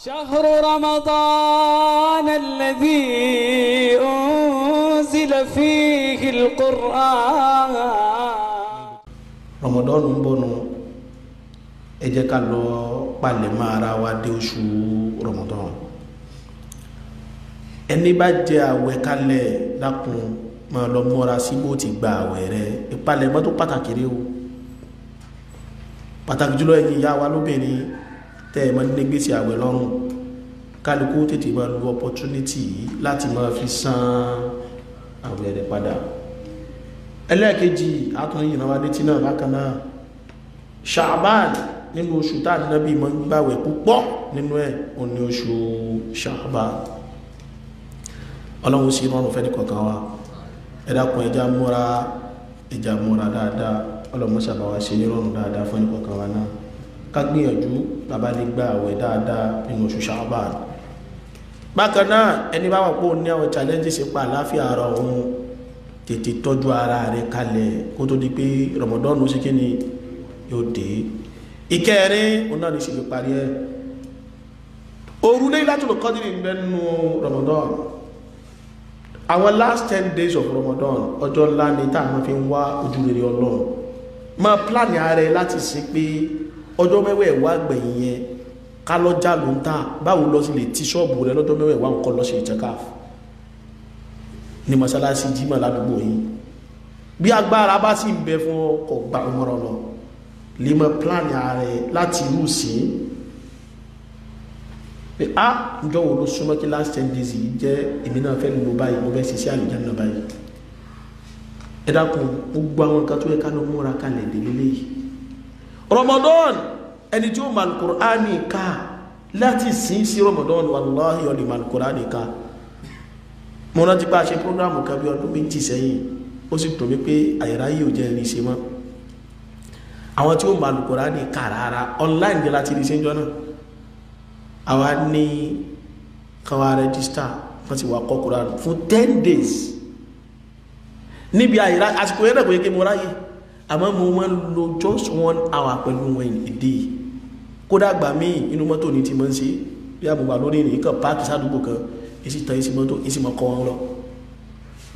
شهر رمضان الذي أنزل فيه القرآن رمضان بونو ẹ jẹ́ ká lọ palẹ̀mọ́ ara wa dé oṣù Ramadan ẹni bá jẹ àwẹ̀ kalẹ̀ lákun máa lọ múra sí ti gba àwẹ̀ rẹ ìpalẹ̀mọ́ tó pàtàkì rẹ o pàtàkì jùlọ ẹ̀yin ìyá wa lóbìnrin tẹ́ ẹ mọ́ ní gbèsè àwẹ̀ lọ́rùn kálukú tètè máa lu opportunity yìí láti máa fi san àwẹ̀ rẹ̀ padà ẹlẹ́ẹ̀kejì àtúnyìn náà wádé tí náà bákan náà ṣàbáàn nínú oṣù tá ànábì máa ń gbàwẹ̀ púpọ̀ nínú ẹ̀ ò ní oṣù ṣàbáàn ọlọ́run sí rọrùn fẹ́ nìkọ̀ọ̀kan wa ẹ dákun ẹja múra ẹja múra dáadáa ọlọ́run sábà wá sí rọrùn dáadáa fún nìkọ̀ọ̀kan wa náà ká gbìyànjú bàbá lè gba àwẹ̀ dáadáa nínú oṣù Ṣàbáàn bákan náà ẹni bá wà pé ní àwọn challenges pa àláfíà ara òun tètè tọ́jú ara rẹ̀ kalẹ̀ kó tó di pé rọmọdọ́nù sí kí ni yóò dé ìkẹrin òun náà ní ṣe parí ẹ òru Laylatul Qadr mẹ́nu rọmọdọ́n àwọn last ten days of rọmọdọ́n ọjọ́ ńlá ni táà máa fi ń wá ojú rere Ọlọ́run máa pláàni ara ẹ láti sí pé ọjọ́ mẹ́wẹ̀ẹ́ wá gbẹ̀yìn yẹn ká lọ́jà ló ń tà báwo lọ sí lè ti ṣọ́ọ̀bù rẹ lọ́jọ́ mẹ́wẹ̀ẹ́ wá nǹkan lọ sí ìtẹ́káf ní mọ́ṣáláṣí jimá ládùúgbò yìí bí agbára bá sì ń bẹ fún ọkọ̀ gbà ọmọràn lọ lè mọ pílánì ààrẹ láti irú sí pé a ǹjọ́ wo ló súnmọ́ kí last ten days yìí jẹ́ èmi náà fẹ́ lò báyìí mo fẹ́ ṣiṣẹ́ àlùjáde báyìí ẹ dákun gbogbo àwọn nǹkan tó yẹ ká ló múra kalẹ̀ délé yìí Ramadan ẹni tí ó ma alukur'ani ká láti sin sí ramadan wàláhì ọ̀lẹ̀ ma alukur'ani ká mo rántí pé a ṣe programu kan bí ọdún méjì sẹ́yìn ó sì dùn mí pé àyàrá yìí ò jẹ́ ẹni ṣe mọ́ àwọn tí ó ma alukur'ani ká rárá online ni láti rí sẹ́jọ́ náà àwa ní káwa rẹ́gísítà wọ́n ti wà kọ́ fún ten days níbi àyíra àsìkò yẹn náà kò yẹ kí mo ráyè àmọ́ mo máa ń lo just one hour pẹ̀lú wọn ìdí yìí kódà gbà míì inú mọ́tò ní ti mọ́ ń ṣe bí àbùgbà lórí ìrìn kan páàkì sádùúgbò kan èsì tan èsì mọ́tò èsì mọ́ kọ́ wọn lọ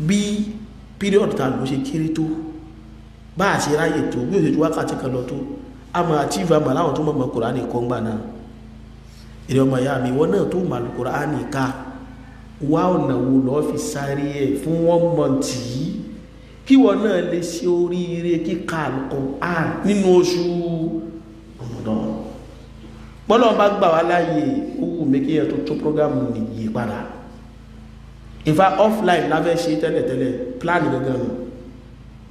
bí píríọ̀dù ta ló ṣe kéré tó bá a ṣe ráyè tó bí òṣèlú wákàtí kan lọ tó a máa achieve àmà láwọn tó mọ̀ mọ́ Kùránì kọ́ngbà náà èrè ọmọ ìyá mi ìwọ náà tó mọ̀ Kùránì ká wá ọ̀nà wo lọ́ọ́ fi sáré ẹ̀ fún wọn mọ̀ tì í kí wọn náà lè ṣe oríire kíkà Al-Qur'an nínú oṣù Ramadan bọ́lọ̀ bá gbà wá láàyè owó méjì ẹ̀ tó tó prógámù nìyí padà in fact offline la fẹ́ ṣe tẹ́lẹ̀tẹ́lẹ̀ plan gangan nù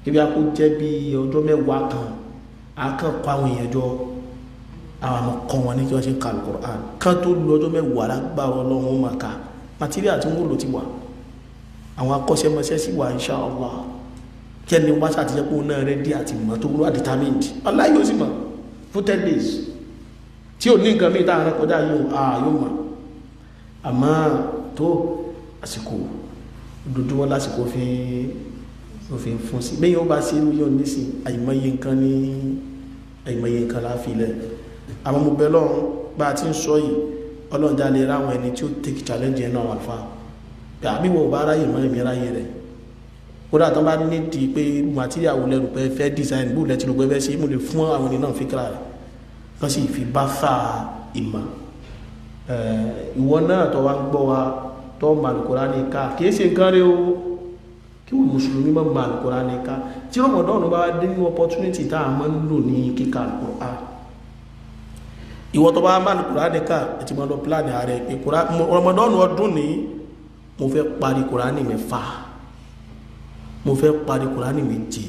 ibi a kò jẹ́ bí ọjọ́ mẹ́wàá kan a kàn kọ́ àwọn èèyàn jọ àwọn àmọ́ kọ́ wọn ní kí wọ́n ṣe ń ka Al-Qur'an kan tó lu ọjọ́ mẹ́wàá lágbà ọlọ́run máa ka material tí wọ́n lò ti wà àwọn akọ́ṣẹ́mọṣẹ́ sì wà insha Allah kẹ́ni wáṣà àtijọ́ pé òun náà rẹ́dí àti mọ́tò rú àdetermined aláyọ̀ sì mọ̀ for ten days tí ò ní nǹkan mí tá àrán kọjá yóò àà yóò mọ̀ àmọ́ tó àsìkò dúdú wọn lásìkò fi ló fi ń fún sí bẹ́ẹ̀ yóò bá sí irú yóò ní sí àìmọye nǹkan ní àìmọye nǹkan láfilẹ̀ àwọn ọmọ bẹ́ẹ̀ lọ́run bá a ti ń sọ yìí ọlọ́run já lè ráwọn ẹni tí ó take challenge ẹ̀ náà wà fáà pé àbí wọn ò bá ráyè mọ́ ẹ̀mí ráyè rẹ̀ kódà tó bá ní di pé màtíríà wo lẹ́rù pé fẹ́ design bó lẹ́tìrú pé fẹ́ ṣe é mo lè fún àwọn ènìyàn náà fíkra rẹ̀ kán sì fi bá sáà ìmọ̀ ìwọ náà tó wá ń gbọ́ wa tó ma lùkúrá ní ká kìí ṣe nǹkan rí o kí wọ́n mùsùlùmí mọ́ ma lùkúrá ní ká tí ọmọdọ́nù bá dé ní opportunity tá a mọ́ ń lò ní kíkà lùkúrá ìwọ tó bá má lùkúrá ní ká ẹ̀tí mọ́ lọ plan ààrẹ pé ọmọdọ́nù ọdún ní mo fẹ́ parí kùránì mẹ́fà mo fẹ́ parí kùránì méje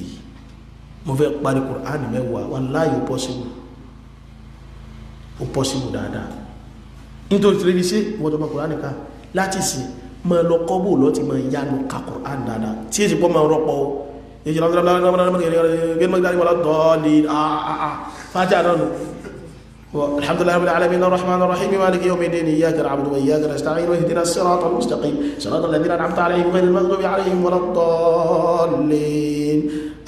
mo fẹ́ parí kùránì mẹ́wàá wallahi possible ó pọ́sílù dáadáa nítorí tí lè ṣe wọ́tọ̀mọ̀ kùránì ká láti sí mọ́ lọ kọ́bù lọ ti mọ́ yánu ka kùránì dáadáa tí èsì pọ́ mọ́ rọpọ̀ o èjì الحمد لله رب العالمين الرحمن الرحيم مالك يوم الدين اياك نعبد واياك نستعين واهدنا الصراط المستقيم صراط الذين انعمت عليهم غير المغضوب عليهم ولا الضالين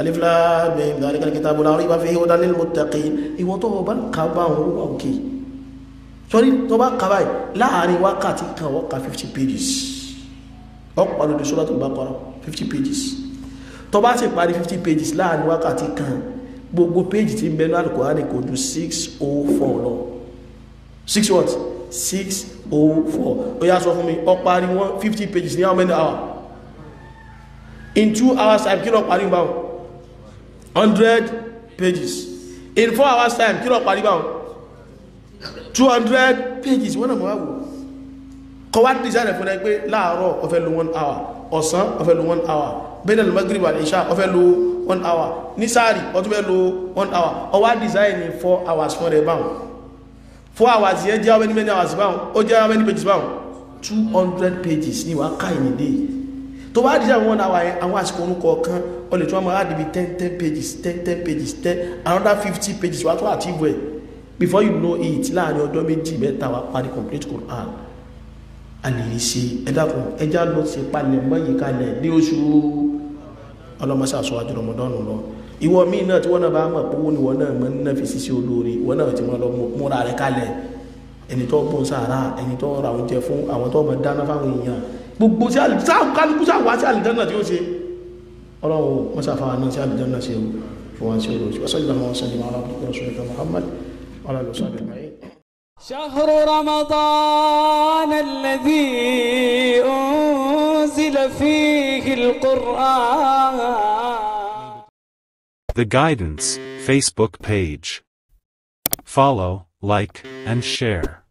الف لام ذلك الكتاب لا ريب فيه هدى للمتقين ايوه طوبا قباه اوكي سوري طوبا قباي لا علي وقت كوقع 50 بيجز اقرا لسوره البقره 50 بيجز طوبا سي 50 بيجز لا علي وقت كان gbogbo page tí ń bẹ ní kò ju six oh four lọ six what six o oh four ó yá sọ fún mi ó parí one fifty pages ní how many hours in two hours time kí ló parí báwọn hundred pages in four hours time kí ló parí báwọn two hundred pages wọ́n náà mọ̀ wá wò kọ́ wá dísáyẹ̀ fún ẹ pé láàárọ̀ ó fẹ́ lò one hour ọ̀sán ó fẹ́ lò one hour bẹ́ẹ̀dẹ̀lù magrib àti isha ó fẹ́ lo one hour ní sáàrì ó tún fẹ́ lo one hour ó wá design four hours fún rẹ̀ báwọn four hours yẹn jẹ́ how many hours báwọn ó jẹ́ how many pages báwọn two hundred pages ní wàá ká ìní dé tó bá design one hour yẹn àwọn àsìkò orun kọ̀ọ̀kan ó lè tún wọn máa dìbí ten ten pages ten ten pages ten another fifty pages wàá tún àtìwẹ̀ before you know it láàrin ọjọ́ méjì mẹ́ta wàá parí complete Quran alèrèsè ẹ̀dàkùn ẹjá lọ sí palẹ̀mọ́ yìí kalẹ̀ ní oṣù ọlọ́mọsá sọ àjọ rọmọdọ́nù lọ ìwọ míì náà tí wọ́n náà bá mọ̀ pé owó ni wọ́n náà mọ̀ nínú fi ṣiṣẹ́ olóore wọ́n náà ti mọ̀ lọ múra rẹ̀ kalẹ̀ ẹni tó gbọ́n sàárà ẹni tó ra oúnjẹ fún àwọn tó mọ̀ dáná fáwọn èèyàn gbogbo sí kálukú sáwà sí àlìjáná tí ó ṣe ọlọ́run mọ́sáfà náà sí Muhammad ọlọ́run sọ́jú ìmáyé. شهر رمضان الذي فيه القرآن The Guidance Facebook page. Follow, like, and share.